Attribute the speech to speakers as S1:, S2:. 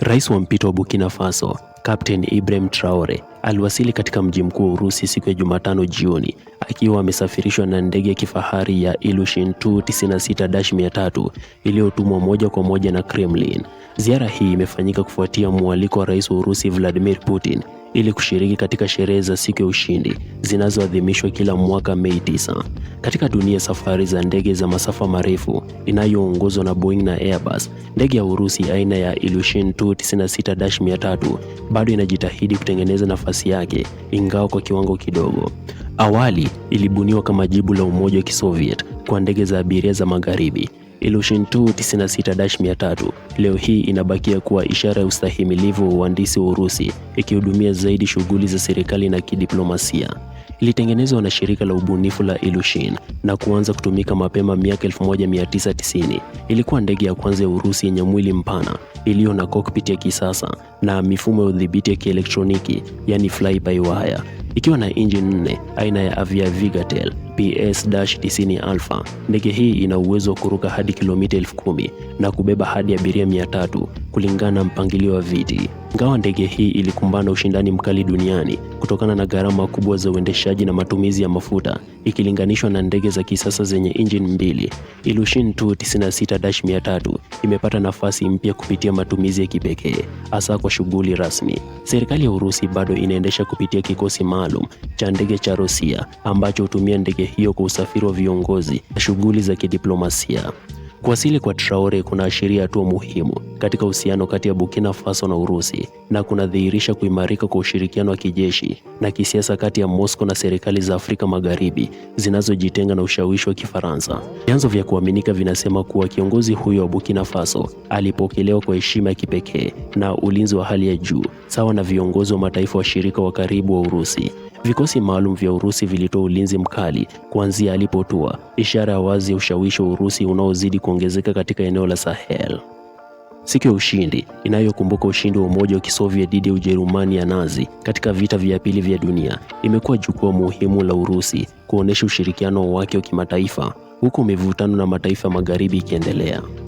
S1: Rais wa mpito wa Burkina Faso Captain Ibrahim Traore aliwasili katika mji mkuu wa Urusi siku ya Jumatano jioni akiwa amesafirishwa na ndege ya kifahari ya Ilyushin Tu-96-300 iliyotumwa moja kwa moja na Kremlin. Ziara hii imefanyika kufuatia mwaliko wa Rais wa Urusi Vladimir Putin ili kushiriki katika sherehe za siku ya ushindi zinazoadhimishwa kila mwaka Mei 9. Katika dunia safari za ndege za masafa marefu inayoongozwa na Boeing na Airbus, ndege ya Urusi aina ya Ilyushin 296 96 300 bado inajitahidi kutengeneza nafasi yake, ingawa kwa kiwango kidogo. Awali ilibuniwa kama jibu la Umoja wa Kisoviet kwa ndege za abiria za magharibi Ilushin 2 96-300 leo hii inabakia kuwa ishara ya ustahimilivu wa uhandisi wa Urusi, ikihudumia zaidi shughuli za serikali na kidiplomasia. Ilitengenezwa na shirika la ubunifu la Ilushin na kuanza kutumika mapema miaka 1990. Ilikuwa ndege ya kwanza ya Urusi yenye mwili mpana iliyo na cockpit ya kisasa na mifumo ya udhibiti ya kielektroniki, yani fly by wire, ikiwa na injini nne aina ya Avia Vigatel PS-90 Alpha. Ndege hii ina uwezo wa kuruka hadi kilomita 10,000 na kubeba hadi abiria 300 kulingana na mpangilio wa viti. Ingawa ndege hii ilikumbana ushindani mkali duniani kutokana na gharama kubwa za uendeshaji na matumizi ya mafuta ikilinganishwa na ndege za kisasa zenye injini mbili, Ilyushin Tu-96-300 imepata nafasi mpya kupitia matumizi ya kipekee, hasa kwa shughuli rasmi. Serikali ya Urusi bado inaendesha kupitia kikosi maalum cha ndege cha Rosia ambacho hutumia ndege ndege hiyo kwa usafiri wa viongozi na shughuli za kidiplomasia. Kuwasili kwa Traore kunaashiria hatua muhimu katika uhusiano kati ya Burkina Faso na Urusi na kunadhihirisha kuimarika kwa ushirikiano wa kijeshi na kisiasa kati ya Moscow na serikali za Afrika Magharibi zinazojitenga na ushawishi wa Kifaransa. Vyanzo vya kuaminika vinasema kuwa kiongozi huyo wa Burkina Faso alipokelewa kwa heshima ya kipekee na ulinzi wa hali ya juu sawa na viongozi wa mataifa washirika wa karibu wa Urusi. Vikosi maalum vya Urusi vilitoa ulinzi mkali kuanzia alipotua, ishara ya wazi ya ushawishi wa Urusi unaozidi kuongezeka katika eneo la Sahel. Siku ya ushindi inayokumbuka ushindi wa Umoja wa Kisoviet dhidi ya Ujerumani ya Nazi katika vita vya pili vya dunia imekuwa jukwaa muhimu la Urusi kuonesha ushirikiano wake wa kimataifa huku mivutano na mataifa magharibi ikiendelea.